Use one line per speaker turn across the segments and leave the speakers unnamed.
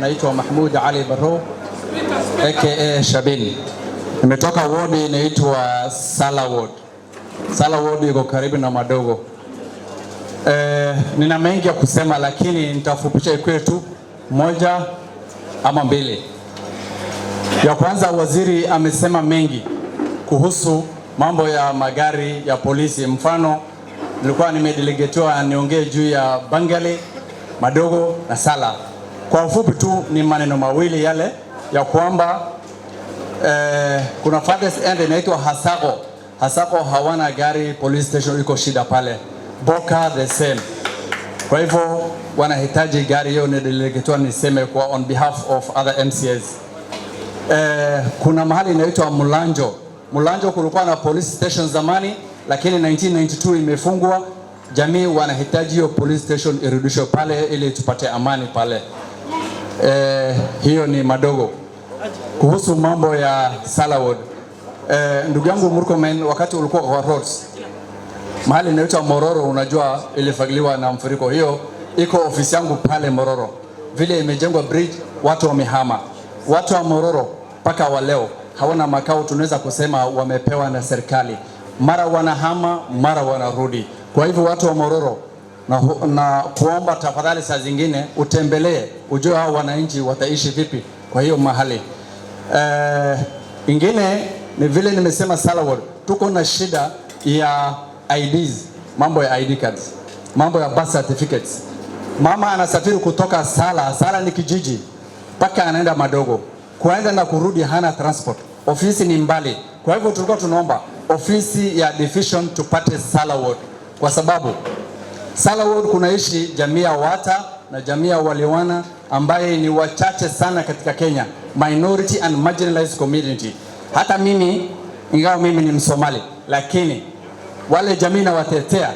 Naitwa Mahmud Ali Baro aka Shabin, nimetoka wodi inaitwa Sala Ward. Sala Ward iko karibu na Madogo. Eh, nina mengi ya kusema lakini nitafupisha ikwe tu moja ama mbili. Ya kwanza, waziri amesema mengi kuhusu mambo ya magari ya polisi. Mfano, nilikuwa nimedelegetiwa niongee juu ya Bangale, Madogo na Sala kwa ufupi tu ni maneno mawili yale ya kwamba eh, kuna farthest end inaitwa Hasako. Hasako hawana gari, police station iko shida pale, Boka the same. Kwa hivyo wanahitaji gari hiyo, nilikitua niseme kwa on behalf of other MCAs. Eh, kuna mahali inaitwa Mulanjo. Mulanjo kulikuwa na police station zamani, lakini 1992 imefungwa. Jamii wanahitaji hiyo police station irudishwe pale ili tupate amani pale eh, hiyo ni madogo. Kuhusu mambo ya Salawod, eh, ndugu yangu Murkomen, wakati ulikuwa kwa Rhodes mahali inaitwa Mororo, unajua ilifagiliwa na mfuriko, hiyo iko ofisi yangu pale Mororo, vile imejengwa bridge, watu wamehama, watu wa Mororo mpaka wa leo hawana makao. Tunaweza kusema wamepewa na serikali, mara wanahama, mara wanarudi. Kwa hivyo watu wa Mororo na, na kuomba tafadhali, saa zingine utembelee ujue hao wananchi wataishi vipi kwa hiyo mahali e, ingine ni vile nimesema Salawar, tuko na shida ya IDs, mambo ya ID cards, mambo ya birth certificates. Mama anasafiri kutoka Sala, Sala ni kijiji mpaka anaenda Madogo, kuenda na kurudi hana transport, ofisi ni mbali. Kwa hivyo tulikuwa tunaomba ofisi ya division tupate Salawar kwa sababu Sala Ward kunaishi jamii ya Wata na jamii ya Walewana ambaye ni wachache sana katika Kenya, minority and marginalized community. Hata mimi ingawa mimi ni Msomali, lakini wale jamii nawatetea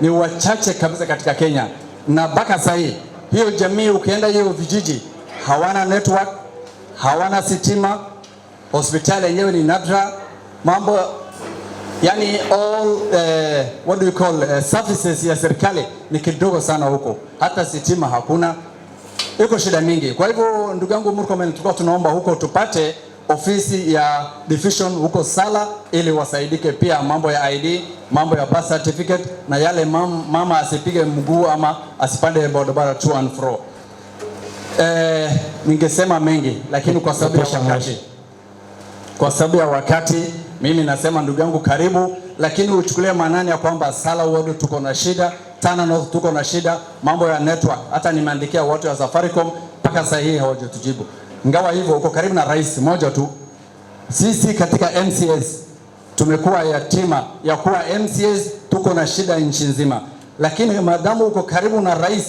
ni wachache kabisa katika Kenya, na mpaka saa hii hiyo jamii ukienda hiyo vijiji hawana network, hawana sitima, hospitali yenyewe ni nadra, mambo yani all uh, what do you call uh, services ya serikali ni kidogo sana huko, hata sitima hakuna, iko shida mingi. Kwa hivyo ndugu yangu Murkomen, tulikuwa tunaomba huko tupate ofisi ya division huko Sala ili wasaidike pia mambo ya ID, mambo ya birth certificate na yale mam, mama asipige mguu ama asipande barabara to and fro. Eh, ningesema mengi lakini kwa sababu ya wakati, kwa sababu ya wakati mimi nasema ndugu yangu karibu, lakini uchukulie maanani ya kwamba Sala World tuko na shida, Tana North tuko na shida, mambo ya network. Hata nimeandikia wote wa Safaricom mpaka sasa hii hawajatujibu. Ingawa hivyo uko karibu na rais moja tu. Sisi katika MCS tumekuwa yatima ya kuwa MCS tuko na shida nchi nzima, lakini madamu uko karibu na rais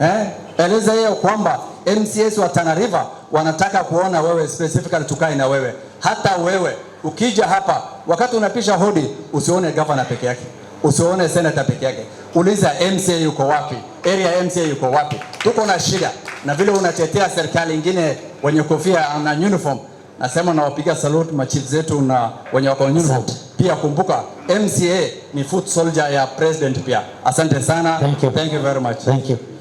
eh, eleza yeye kwamba MCS wa Tana River wanataka kuona wewe specifically, tukae na wewe hata wewe Ukija hapa wakati unapisha hodi, usione gavana peke yake, usione senata peke yake, uliza MCA yuko wapi, area MCA yuko wapi. Tuko na shida na vile unatetea serikali ingine wenye kofia na uniform. Nasema nawapiga salute machief zetu na wenye wako uniform pia. Kumbuka MCA ni foot soldier ya president pia. Asante sana.
Thank you, thank you
very much. Thank you.